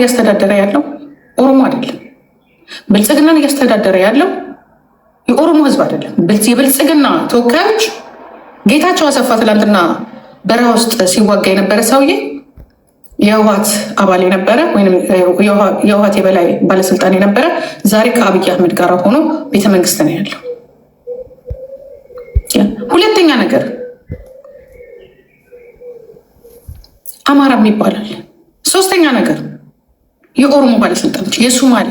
እያስተዳደረ ያለው ኦሮሞ አይደለም። ብልጽግናን እያስተዳደረ ያለው የኦሮሞ ህዝብ አይደለም። የብልጽግና ተወካዮች ጌታቸው አሰፋ ትላንትና በረሃ ውስጥ ሲዋጋ የነበረ ሰውዬ የህወሓት አባል የነበረ ወይም የህወሓት የበላይ ባለስልጣን የነበረ ዛሬ ከአብይ አህመድ ጋር ሆኖ ቤተመንግስት ነው ያለው። ሁለተኛ ነገር አማራም ይባላል። ሶስተኛ ነገር የኦሮሞ ባለስልጣኖች የሱማሌ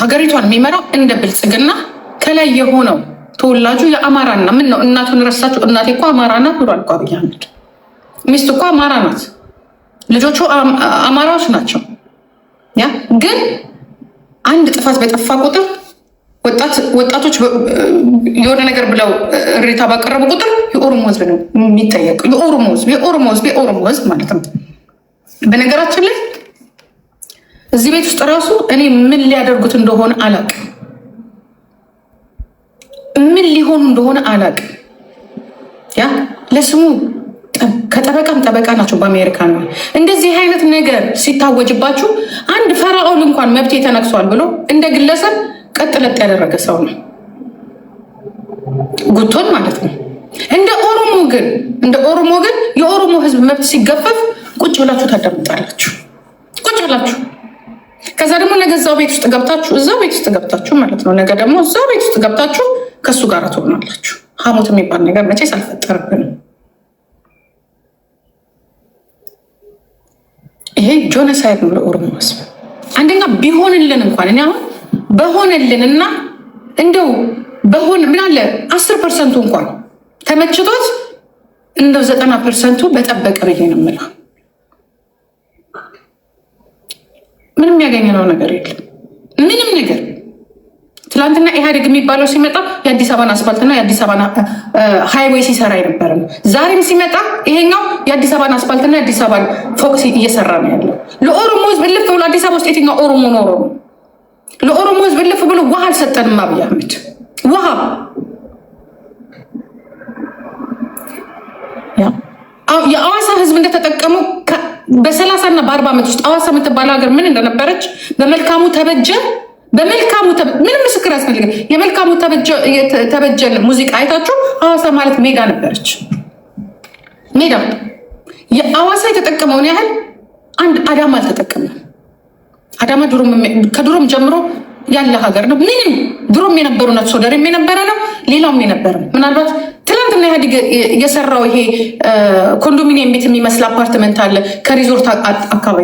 ሀገሪቷን የሚመራው እንደ ብልጽግና ከላይ የሆነው ተወላጁ የአማራና ምን ነው እናቱን ረሳችሁ? እናቴ እኮ አማራ ናት ብሏል አብይ አህመድ። ሚስት እኮ አማራ ናት፣ ልጆቹ አማራዎች ናቸው። ያ ግን አንድ ጥፋት በጠፋ ቁጥር ወጣቶች የሆነ ነገር ብለው እሬታ ባቀረቡ ቁጥር የኦሮሞ ህዝብ ነው የሚጠየቀው። የኦሮሞ ህዝብ የኦሮሞ ህዝብ የኦሮሞ ህዝብ ማለት ነው። በነገራችን ላይ እዚህ ቤት ውስጥ ራሱ እኔ ምን ሊያደርጉት እንደሆነ አላቅ ምን ሊሆኑ እንደሆነ አላቅ ያ ለስሙ ከጠበቃም ጠበቃ ናቸው። በአሜሪካ ነው እንደዚህ አይነት ነገር ሲታወጅባችሁ አንድ ፈራኦን እንኳን መብቴ ተነክሷል ብሎ እንደ ግለሰብ ቀጥለጥ ያደረገ ሰው ነው፣ ጉቶን ማለት ነው። እንደ ኦሮሞ ግን እንደ ኦሮሞ ግን የኦሮሞ ህዝብ መብት ሲገፈፍ ቁጭ ብላችሁ ታዳምጣላችሁ። ቁጭ ብላችሁ ከዛ ደግሞ ነገ እዛው ቤት ውስጥ ገብታችሁ እዛው ቤት ውስጥ ገብታችሁ ማለት ነው። ነገ ደግሞ እዛው ቤት ውስጥ ገብታችሁ ከእሱ ጋር ትሆናላችሁ። ሐሞት የሚባል ነገር መቼ ሳልፈጠርብን ይሄ ጆነሳይድ ነው ለኦሮሞ ሕዝብ አንደኛ ቢሆንልን እንኳን እኔ አሁን እና እንደው በሆን ምን አለ አስር ፐርሰንቱ እንኳን ተመችቶት እንደው ዘጠና ፐርሰንቱ በጠበቀ ብዬ ነው የምለው ምንም ያገኘነው ነገር የለም። ምንም ነገር ትላንትና ኢህአዴግ የሚባለው ሲመጣ የአዲስ አበባን አስፋልትና የአዲስ አበባን ሃይዌይ ሲሰራ የነበረ ነው። ዛሬም ሲመጣ ይሄኛው የአዲስ አበባን አስፋልትና የአዲስ አበባን ፎቅ እየሰራ ነው ያለው። ለኦሮሞ ህዝብ እልፍ ብሎ አዲስ አበባ ውስጥ የትኛው ኦሮሞ ኖሮ ነው? ለኦሮሞ ህዝብ እልፍ ብሎ ውሃ አልሰጠንም። አብይ አህመድ ውሃ የአዋሳ ህዝብ እንደተጠቀሙ በሰላሳ እና በአርባ ዓመት ውስጥ አዋሳ የምትባለ ሀገር ምን እንደነበረች በመልካሙ ተበጀ። በመልካሙ ምንም ምስክር ያስፈልገ የመልካሙ ተበጀን ሙዚቃ አይታችሁ አዋሳ ማለት ሜዳ ነበረች። ሜዳ የአዋሳ የተጠቀመውን ያህል አንድ አዳማ አልተጠቀምም። አዳማ ከድሮም ጀምሮ ያለ ሀገር ነው። ምንም ድሮም የነበሩ ነፍሶ ወደሬም የነበረ ነው። ሌላውም የነበረ ምናልባት ትናንትና ኢህአዴግ የሰራው ይሄ ኮንዶሚኒየም ቤት የሚመስል አፓርትመንት አለ ከሪዞርት አካባቢ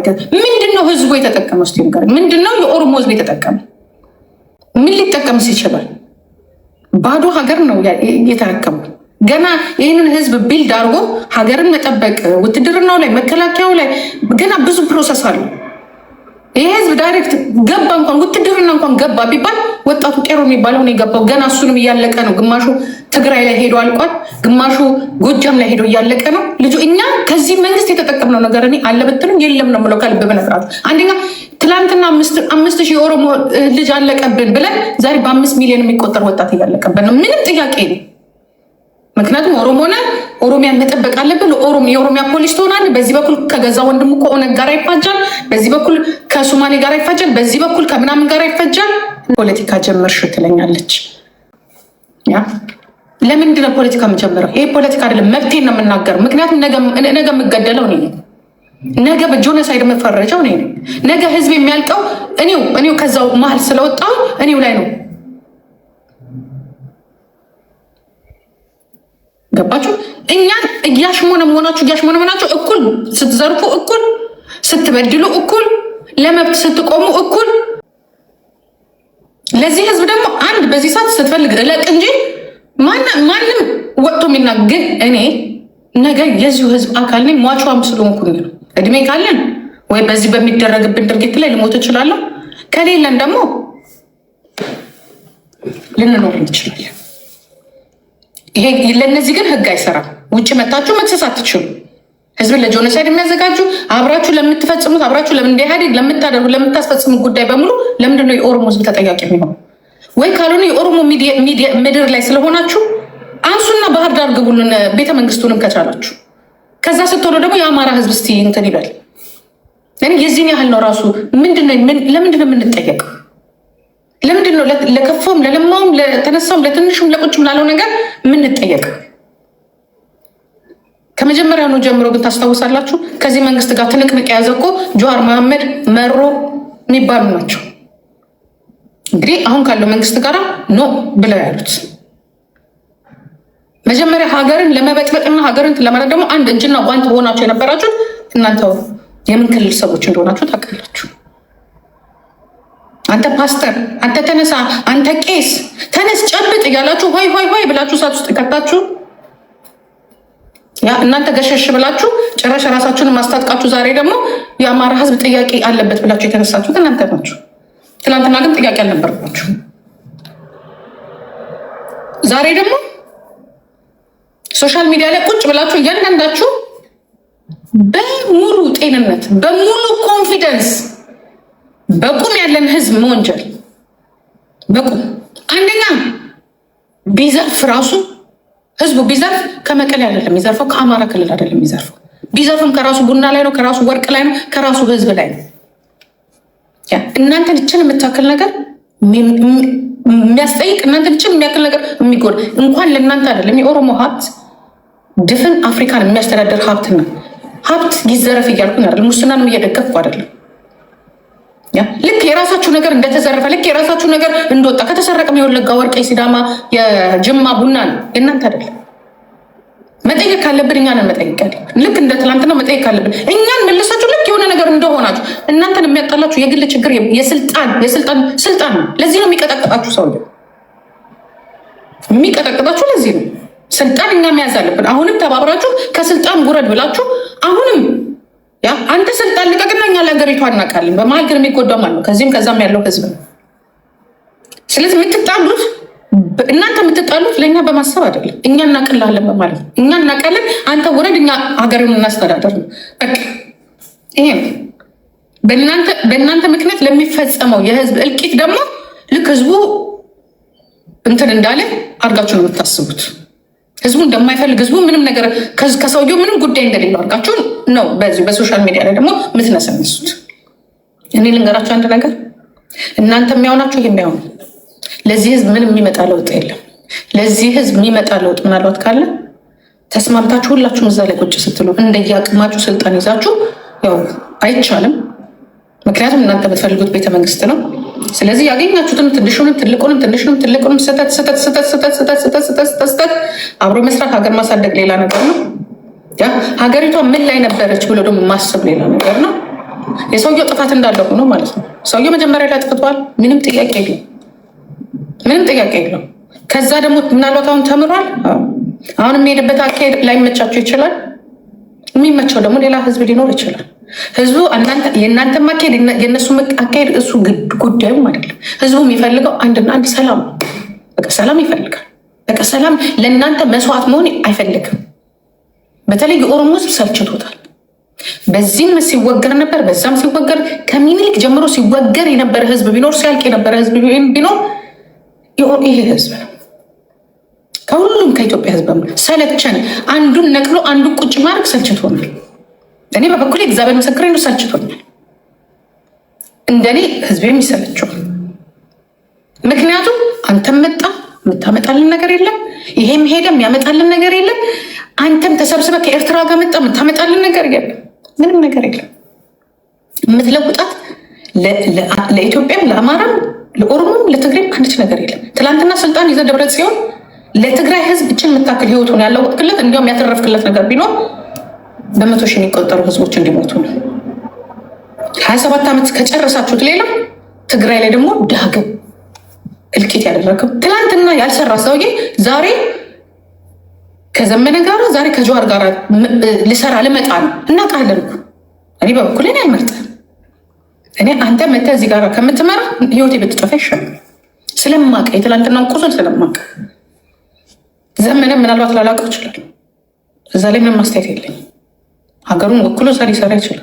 ምንድነው ህዝቡ የተጠቀመ ስ ጋር ምንድነው የኦሮሞ ህዝብ የተጠቀመ? ምን ሊጠቀምስ ይችላል? ባዶ ሀገር ነው የተረከመው። ገና ይህንን ህዝብ ቢልድ አድርጎ ሀገርን መጠበቅ ውትድርናው ላይ መከላከያው ላይ ገና ብዙ ፕሮሰስ አለው። የህዝብ ዳይሬክት ገባ እንኳን ውትድርና እንኳን ገባ ቢባል ወጣቱ ቄሮ የሚባለው ነው የገባው። ገና እሱንም እያለቀ ነው። ግማሹ ትግራይ ላይ ሄዶ አልቋል። ግማሹ ጎጃም ላይ ሄዶ እያለቀ ነው ልጁ። እኛ ከዚህ መንግስት የተጠቀምነው ነገር እኔ አለበትንም የለም ነው ምለው ከልብ ብነግራችሁ። አንደኛ ትላንትና አምስት ሺህ የኦሮሞ ልጅ አለቀብን ብለን ዛሬ በአምስት ሚሊዮን የሚቆጠር ወጣት እያለቀብን ነው። ምንም ጥያቄ ነው ምክንያቱም ኦሮሞ ነህ፣ ኦሮሚያን መጠበቅ አለብን። የኦሮሚያ ፖሊስ ትሆናለህ። በዚህ በኩል ከገዛ ወንድሙ ከሆነ ጋር ይፋጃል፣ በዚህ በኩል ከሶማሌ ጋር ይፋጃል፣ በዚህ በኩል ከምናምን ጋር ይፋጃል። ፖለቲካ ጀመርሽ ትለኛለች። ለምንድን ነው ፖለቲካ የምጀምረው? ይሄ ፖለቲካ አይደለም፣ መብቴን ነው የምናገር። ምክንያቱም ነገ የምገደለው እኔ ነገ በጆነሳይድ የምፈረጀው እኔ ነገ ህዝብ የሚያልቀው እኔው እኔው ከዛው መሀል ስለወጣሁ እኔው ላይ ነው ገባችሁ? እኛን እያሽሞነ መሆናችሁ እያሽሞነ መሆናችሁ እኩል ስትዘርፉ፣ እኩል ስትበድሉ፣ እኩል ለመብት ስትቆሙ፣ እኩል ለዚህ ህዝብ ደግሞ አንድ በዚህ ሰዓት ስትፈልግ እለቅ እንጂ ማንም ወጥቶ የሚና ግን እኔ ነገ የዚሁ ህዝብ አካል ነኝ። ሟቿም ስለሆንኩኝ ነው። እድሜ ካለን ወይ በዚህ በሚደረግብን ድርጊት ላይ ልሞት እችላለሁ። ከሌለን ደግሞ ልንኖር እንችላለን። ለእነዚህ ግን ህግ አይሰራም። ውጭ መታችሁ መክሰስ አትችሉ። ህዝብን ለጆኖሳይድ የሚያዘጋጁ አብራችሁ ለምትፈጽሙት አብራችሁ እንደ ለምታደርጉ ለምታስፈጽሙት ጉዳይ በሙሉ ለምንድነው የኦሮሞ ህዝብ ተጠያቂ የሚሆኑ? ወይ ካልሆነ የኦሮሞ ምድር ላይ ስለሆናችሁ አንሱና ባህር ዳር ግቡልን፣ ቤተ መንግስቱንም ከቻላችሁ። ከዛ ስትሆነ ደግሞ የአማራ ህዝብ እስቲ እንትን ይበል። እኔ የዚህን ያህል ነው ራሱ። ለምንድነው የምንጠየቅ? ለምንድነው ለከፋውም ለተነሳውም ለትንሹም ለቁጭም ላለው ነገር ምንጠየቅ ከመጀመሪያ ነው ጀምሮ ግን ታስታውሳላችሁ። ከዚህ መንግስት ጋር ትንቅንቅ የያዘ እኮ ጀዋር መሐመድ መሮ የሚባሉ ናቸው። እንግዲህ አሁን ካለው መንግስት ጋር ኖ ብለው ያሉት መጀመሪያ ሀገርን ለመበጥበጥና ሀገርን ለማለት ደግሞ አንድ እጅና ጓንት ሆናችሁ የነበራችሁት እናንተ የምን ክልል ሰዎች እንደሆናችሁ ታውቃላችሁ። አንተ ፓስተር፣ አንተ ተነሳ፣ አንተ ቄስ ተነስ፣ ጨብጥ እያላችሁ ሆይ ሆይ ሆይ ብላችሁ እሳት ውስጥ ከታችሁ እናንተ ገሸሽ ብላችሁ ጭራሽ ራሳችሁን ማስታጥቃችሁ፣ ዛሬ ደግሞ የአማራ ሕዝብ ጥያቄ አለበት ብላችሁ የተነሳችሁ እናንተ ናችሁ። ትናንትና ግን ጥያቄ አልነበረባችሁ። ዛሬ ደግሞ ሶሻል ሚዲያ ላይ ቁጭ ብላችሁ እያንዳንዳችሁ በሙሉ ጤንነት በሙሉ ኮንፊደንስ በቁም ያለን ህዝብ መወንጀል በቁም አንደኛ ቢዘርፍ ራሱ ህዝቡ ቢዘርፍ ከመቀሌ አይደለም የሚዘርፈው፣ ከአማራ ክልል አይደለም የሚዘርፈው። ቢዘርፍም ከራሱ ቡና ላይ ነው፣ ከራሱ ወርቅ ላይ ነው፣ ከራሱ ህዝብ ላይ ነው። እናንተ ልችን የምታክል ነገር የሚያስጠይቅ እናንተ ልችን የሚያክል ነገር የሚጎዳ እንኳን ለእናንተ አይደለም። የኦሮሞ ሀብት ድፍን አፍሪካን የሚያስተዳደር ሀብት ነው። ሀብት ይዘረፍ እያልኩን አይደለም፣ ሙስናንም እየደገፍኩ አይደለም። ልክ የራሳችሁ ነገር እንደተዘረፈ ልክ የራሳችሁ ነገር እንደወጣ ከተሰረቀም የወለጋ ወርቅ፣ የሲዳማ፣ የጅማ ቡና ነው፣ የእናንተ አይደለም። መጠየቅ ካለብን እኛ መጠየቅ ያለ ልክ እንደ ትናንትና መጠየቅ ካለብን እኛን መልሳችሁ ልክ የሆነ ነገር እንደሆናችሁ እናንተን የሚያጣላችሁ የግል ችግር የስልጣን የስልጣን ስልጣን ነው። ለዚህ ነው የሚቀጠቅጣችሁ ሰው የሚቀጠቅጣችሁ ለዚህ ነው። ስልጣን እኛ መያዝ አለብን። አሁንም ተባብራችሁ ከስልጣን ጉረድ ብላችሁ አሁንም ያ አንተ ስልጣን ልቀቅና እኛ ለሀገሪቷ እናውቃለን። በመሀል የሚጎዳው ማለት ነው ከዚህም ከዛም ያለው ህዝብ ነው። ስለዚህ የምትጣሉት እናንተ የምትጣሉት ለእኛ በማሰብ አይደለም። እኛ እናቅላለን በማለት ነው። እኛ እናቃለን፣ አንተ ውረድ፣ እኛ ሀገርን እናስተዳደር ነው በቃ። ይሄ በእናንተ ምክንያት ለሚፈጸመው የህዝብ እልቂት ደግሞ ልክ ህዝቡ እንትን እንዳለ አድርጋችሁ ነው የምታስቡት። ህዝቡ እንደማይፈልግ ህዝቡ ምንም ነገር ከሰውየው ምንም ጉዳይ እንደሌለው አድርጋችሁ ነው በዚሁ በሶሻል ሚዲያ ላይ ደግሞ የምትነሰንሱት። እኔ ልንገራችሁ አንድ ነገር፣ እናንተ የሚያውናችሁ የሚያውኑ ለዚህ ህዝብ ምንም የሚመጣ ለውጥ የለም። ለዚህ ህዝብ የሚመጣ ለውጥ ምናልባት ካለ ተስማምታችሁ ሁላችሁም እዛ ላይ ቁጭ ስትሉ እንደየአቅማችሁ ስልጣን ይዛችሁ ያው አይቻልም። ምክንያቱም እናንተ የምትፈልጉት ቤተመንግስት ነው። ስለዚህ ያገኛችሁትንም ትንሹንም ትልቁንም ትንሹንም ትልቁንም ስህተት ስህተት ስህተት ስህተት ስህተት ስህተት ስህተት ስህተት አብሮ መስራት ሀገር ማሳደግ ሌላ ነገር ነው። ሀገሪቷ ምን ላይ ነበረች ብሎ ደግሞ ማሰብ ሌላ ነገር ነው። የሰውየው ጥፋት እንዳለ ሆኖ ማለት ነው። ሰውየው መጀመሪያ ላይ አጥፍቷል። ምንም ጥያቄ የለም። ምንም ጥያቄ የለም። ከዛ ደግሞ ምናልባት አሁን ተምሯል። አሁን የሚሄድበት አካሄድ ላይመቻቸው ይችላል። የሚመቸው ደግሞ ሌላ ህዝብ ሊኖር ይችላል። ህዝቡ የእናንተ አካሄድ የእነሱ አካሄድ እሱ ጉዳዩም አይደለም። ህዝቡ የሚፈልገው አንድና አንድ ሰላም ነው። በቃ ሰላም ይፈልጋል። በቃ ሰላም ለእናንተ መስዋዕት መሆን አይፈልግም። በተለይ የኦሮሞ ህዝብ ሰልችቶታል። በዚህም ሲወገር ነበር፣ በዛም ሲወገር ከሚኒሊክ ጀምሮ ሲወገር የነበረ ህዝብ ቢኖር ሲያልቅ የነበረ ህዝብ ቢኖር ይሄ ህዝብ ነው። ከሁሉም ከኢትዮጵያ ህዝብ ሰለቸን። አንዱን ነቅሎ አንዱ ቁጭ ማድረግ ሰልችቶናል። እኔ በበኩሌ እግዚአብሔር መሰክሬ ነው ሰልችቶኛል። እንደኔ ህዝቤም ይሰለችዋል። ምክንያቱም አንተም መጣ የምታመጣልን ነገር የለም፣ ይሄም ሄደ የሚያመጣልን ነገር የለም። አንተም ተሰብስበ ከኤርትራ ጋር መጣ የምታመጣልን ነገር የለም፣ ምንም ነገር የለም። የምትለውጣት ለኢትዮጵያም፣ ለአማራም፣ ለኦሮሞም፣ ለትግሬም አንድች ነገር የለም። ትላንትና ስልጣን ይዘ ደብረ ጽዮን ለትግራይ ህዝብ እችን የምታክል ህይወት ሆነ ያለው ክለት እንዲያውም ያተረፍክለት ነገር ቢኖር በመቶ ሺህ የሚቆጠሩ ህዝቦች እንዲሞቱ ነው። ሀያ ሰባት ዓመት ከጨረሳችሁት ሌላ ትግራይ ላይ ደግሞ ዳግም እልቂት ያደረገው ትናንትና ያልሰራ ሰውዬ ዛሬ ከዘመነ ጋር ዛሬ ከጀዋር ጋር ልሰራ ልመጣ ነው። እናውቃለን። እኔ በበኩል እኔ አልመርጥም። እኔ አንተ መተህ እዚህ ጋር ከምትመራ ህይወቴ ብትጠፋ ይሻል ስለማቀ የትላንትናውን ቁስል ስለማቀ ዘመነ ምናልባት ላላውቀው ይችላል። እዛ ላይ ምንም ማስተያየት የለኝም። ሀገሩን ወክሎ ሰሪ ሰራ ይችላል።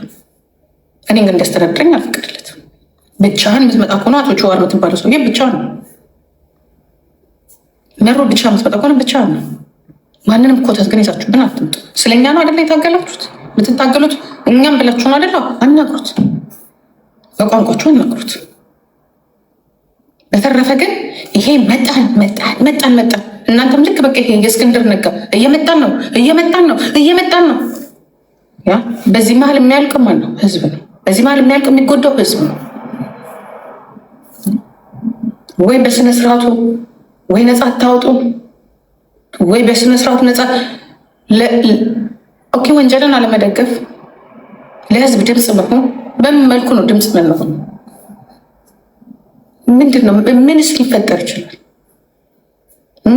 እኔ ግን እንዲያስተዳድረኝ አልፈቅድለትም። ብቻህን የምትመጣ ከሆነ አቶ ጀዋር የምትባለው ሰውዬ ብቻ ነው። መሮ ብቻ የምትመጣ ከሆነ ብቻ ነው። ማንንም ኮተት ግን ይዛችሁብን አትምጡ። ስለኛ ነው አደለ የታገላችሁት የምትታገሉት እኛም ብላችሁን አደለ። አናግሩት፣ በቋንቋችሁ አናግሩት። በተረፈ ግን ይሄ መጣን መጣን መጣን መጣን እናንተም ልክ በቃ ይሄ የእስክንድር ነጋ እየመጣን ነው እየመጣን ነው እየመጣን ነው በዚህ መሀል የሚያልቅ ማን ነው? ህዝብ ነው። በዚህ መሀል የሚያልቅ የሚጎዳው ህዝብ ነው። ወይ በስነ ስርዓቱ ወይ ነፃ ታወጡ ወይ በስነ ስርዓቱ ነፃ ኦኬ። ወንጀልን አለመደገፍ ለህዝብ ድምፅ መሆን በምን መልኩ ነው ድምፅ መለሆ? ምንድን ነው? ምንስ ሊፈጠር ይችላል?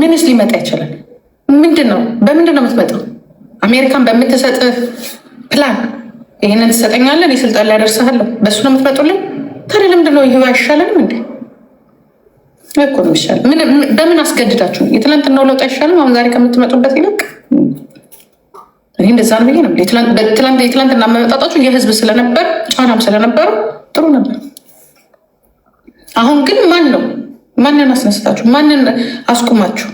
ምንስ ሊመጣ ይችላል? ምንድን ነው? በምንድን ነው የምትመጣው? አሜሪካን በምትሰጥህ ፕላን ይህንን ትሰጠኛለን የስልጣን ላይ አደርስሃለሁ። በእሱ ነው የምትመጡልን? ታዲያ ለምንድን ይህ አይሻለንም እንዴ? እኮ ነው በምን አስገድዳችሁ? የትላንትናው ለውጥ አይሻልም? አሁን ዛሬ ከምትመጡበት ይልቅ እኔ እንደዛ ነው ብዬ ነው። የትላንትና መመጣጣችሁ የህዝብ ስለነበር ጫናም ስለነበሩ ጥሩ ነበር። አሁን ግን ማን ነው ማንን አስነስታችሁ? ማንን አስቁማችሁ?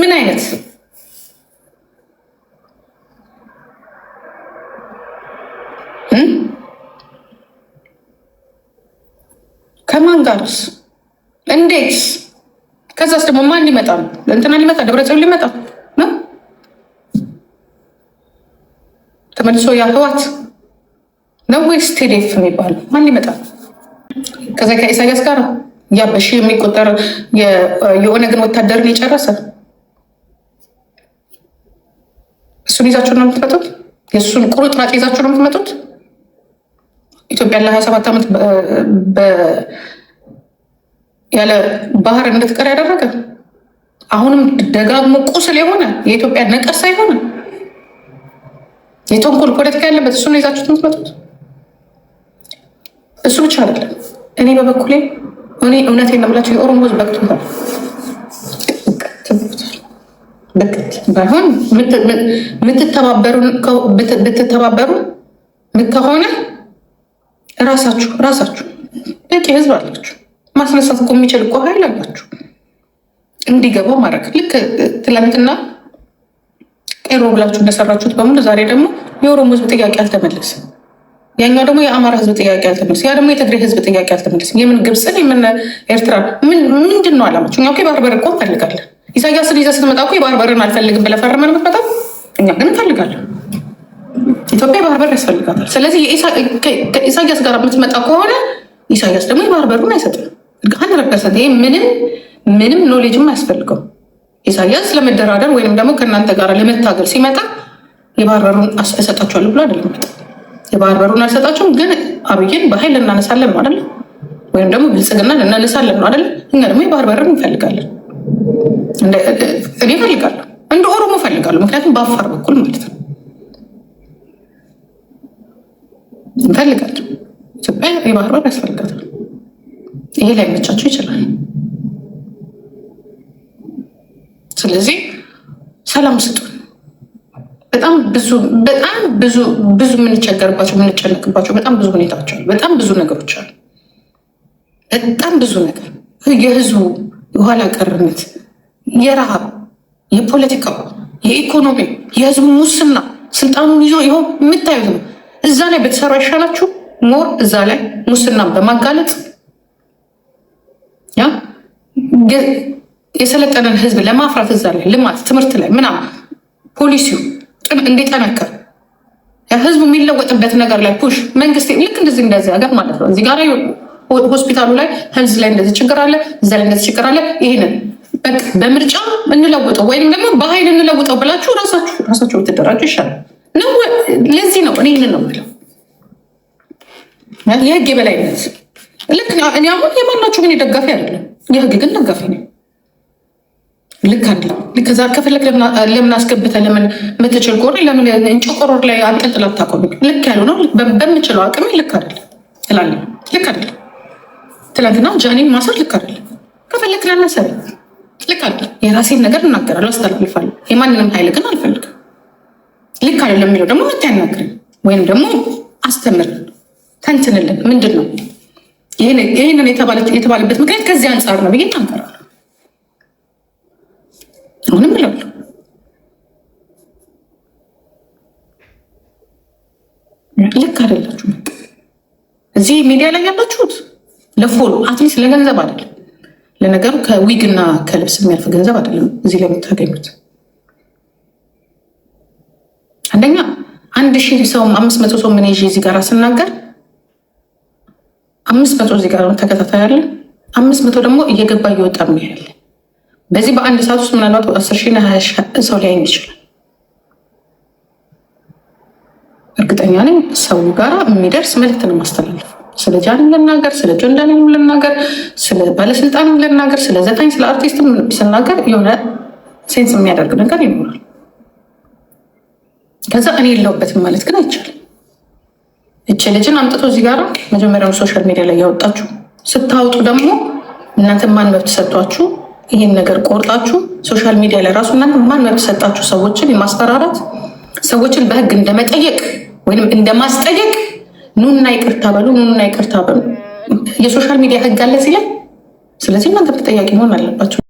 ምን አይነት ከማን ጋርስ? እንዴት? ከዛስ ደግሞ ማን ሊመጣ ነው? ለእንትና ሊመጣ ደብረጽዮን ሊመጣ ነው ተመልሶ ያ ህዋት ነው ወይስ ቴዴፍ የሚባለው ማን ሊመጣ ነው? ከዛ ከኢሳያስ ጋር ያ በሺ የሚቆጠር የኦነግን ወታደርን የጨረሰ እሱን ይዛችሁ ነው የምትመጡት? የእሱን ቁርጥራጭ ይዛችሁ ነው የምትመጡት? ኢትዮጵያን ለሀያ ሰባት ዓመት ያለ ባህር እንድትቀር ያደረገ አሁንም ደጋግሞ ቁስል የሆነ የኢትዮጵያ ነቀሳ የሆነ የተንኮል ፖለቲካ ያለበት እሱ ነው ይዛችሁት የምትመጡት። እሱ ብቻ አይደለም። እኔ በበኩሌ እኔ እውነቴን ነው የምላቸው የኦሮሞ ሕዝብ በቅቶታል። ባይሆን ምትተባበሩ ከሆነ ራሳችሁ ራሳችሁ በቂ ህዝብ አላችሁ። ማስነሳት እኮ የሚችል እኮ ሀይል አላችሁ። እንዲገባ ማድረግ ልክ ትላንትና ቀሮ ብላችሁ እንደሰራችሁት በሙሉ ዛሬ ደግሞ የኦሮሞ ህዝብ ጥያቄ አልተመለስም። ያኛው ደግሞ የአማራ ህዝብ ጥያቄ አልተመለስም። ያ ደግሞ የትግሬ ህዝብ ጥያቄ አልተመለስም። የምን ግብፅን የምን ኤርትራ ምንድን ነው አላማችሁ? እኛ እኮ በር እኮ እንፈልጋለን። ኢሳያስን ይዘህ ስትመጣ እኮ የባህር በርን አልፈልግም ብለህ ፈርመን የምትመጣው እኛ ግን ያስፈልጋታል። ስለዚህ ከኢሳያስ ጋር የምትመጣ ከሆነ ኢሳያስ ደግሞ የባህርበሩን አይሰጥም። ሀንድረድ ፐርሰንት ይህ ምንም ምንም ኖሌጅም አያስፈልገው። ኢሳያስ ለመደራደር ወይም ደግሞ ከእናንተ ጋር ለመታገል ሲመጣ የባህርበሩን እሰጣችኋለሁ ብሎ አይደለም መጣ። የባህርበሩን አልሰጣችሁም፣ ግን አብይን በኃይል እናነሳለን ነው አደለም? ወይም ደግሞ ብልጽግና እናነሳለን ነው አደለም? እኛ ደግሞ የባህርበርን እንፈልጋለን። እኔ እፈልጋለሁ፣ እንደ ኦሮሞ እፈልጋለሁ። ምክንያቱም በአፋር በኩል ማለት ነው እንፈልጋለን። ኢትዮጵያ የባህር በር ያስፈልጋታል። ይሄ ላይ መቻቸው ይችላል። ስለዚህ ሰላም ስጡን። በጣም ብዙ በጣም ብዙ ብዙ የምንቸገርባቸው የምንጨነቅባቸው በጣም ብዙ ሁኔታዎች አሉ። በጣም ብዙ ነገሮች አሉ። በጣም ብዙ ነገር የህዝቡ የኋላ ቀርነት፣ የረሃብ፣ የፖለቲካው፣ የኢኮኖሚ የህዝቡ ሙስና ስልጣኑን ይዞ ይኸው የምታዩት ነው። እዛ ላይ ብትሰሩ አይሻላችሁ? ሞር እዛ ላይ ሙስናን በማጋለጥ የሰለጠነን ህዝብ ለማፍራት እዛ ላይ ልማት፣ ትምህርት ላይ ምናምን ፖሊሲው እንዲጠነከር ህዝቡ የሚለወጥበት ነገር ላይ ፑሽ መንግስት ልክ እንደዚህ እንደዚህ ሀገር ማለት ነው። እዚህ ጋር ሆስፒታሉ ላይ ህልዝ ላይ እንደዚህ ችግር አለ፣ እዛ ላይ እንደዚህ ችግር አለ። ይህንን በምርጫ እንለውጠው ወይም ደግሞ በሀይል እንለውጠው ብላችሁ ራሳችሁ ራሳችሁ ብትደራጁ ይሻላል። ለዚህ ነው እኔ ይህን ነው የምለው፣ የህግ የበላይነት ልክ እኔ አሁን የማናችሁ ግን ደጋፊ አይደለም፣ የህግ ግን ደጋፊ ነው። ልክ አንድ ከዛ ከፈለግ ለምን አስገብተ ለምን ምትችል ከሆነ ለምን እንጨቆሮር ላይ አንጠልጥላ ታቆም። ልክ ያሉ ነው በምችለው አቅሜ ልክ አይደለም እላለሁ። ልክ አይደለም ትላንትና ጃኒን ማሰር ልክ አይደለም። ከፈለግ ላናሰር ልክ አይደለም። የራሴን ነገር እናገራለሁ፣ አስተላልፋለሁ። የማንንም ሀይል ግን አልፈልግም። ልክ አይደለም የሚለው ደግሞ የምታናግርን ወይም ደግሞ አስተምር ተንትንልን ምንድን ነው ይህንን የተባለበት ምክንያት ከዚህ አንጻር ነው ብዬ እናገራለሁ። አሁንም እላለሁ ልክ አይደላችሁ። እዚህ ሚዲያ ላይ ያላችሁት ለፎሎ አትሊስት ለገንዘብ አይደለም። ለነገሩ ከዊግና ከልብስ የሚያልፍ ገንዘብ አይደለም እዚህ ለምታገኙት። አንድ ሺህ ሰው አምስት መቶ ሰው ምን ይዤ እዚህ ጋር ስናገር አምስት መቶ እዚህ ጋር ተከታታይ አለ። አምስት መቶ ደግሞ እየገባ እየወጣ የሚያለ በዚህ በአንድ ሰዓት ውስጥ ምናልባት አስር ሺና ሀያ ሰው ሊያይ ይችላል። እርግጠኛ ነኝ ሰው ጋር የሚደርስ መልዕክት ነው ማስተላለፍ። ስለ ጃንም ልናገር፣ ስለ ጆን ልናገር፣ ስለ ባለስልጣንም ልናገር፣ ስለ ዘጠኝ ስለ አርቲስትም ስናገር የሆነ ሴንስ የሚያደርግ ነገር ይኖራል። ከዛ እኔ የለውበትም ማለት ግን አይቻልም። እች ልጅን አምጥቶ እዚህ ጋር መጀመሪያውን ሶሻል ሚዲያ ላይ ያወጣችሁ ስታወጡ ደግሞ እናንተ ማን መብት ሰጧችሁ? ይህን ነገር ቆርጣችሁ ሶሻል ሚዲያ ላይ ራሱ እናንተ ማን መብት ሰጣችሁ? ሰዎችን የማስፈራራት ሰዎችን በህግ እንደመጠየቅ ወይም እንደማስጠየቅ ኑና ይቅርታ በሉ፣ ኑና ይቅርታ በሉ። የሶሻል ሚዲያ ህግ አለ እዚህ ስለዚህ እናንተ ተጠያቂ መሆን አለባቸው።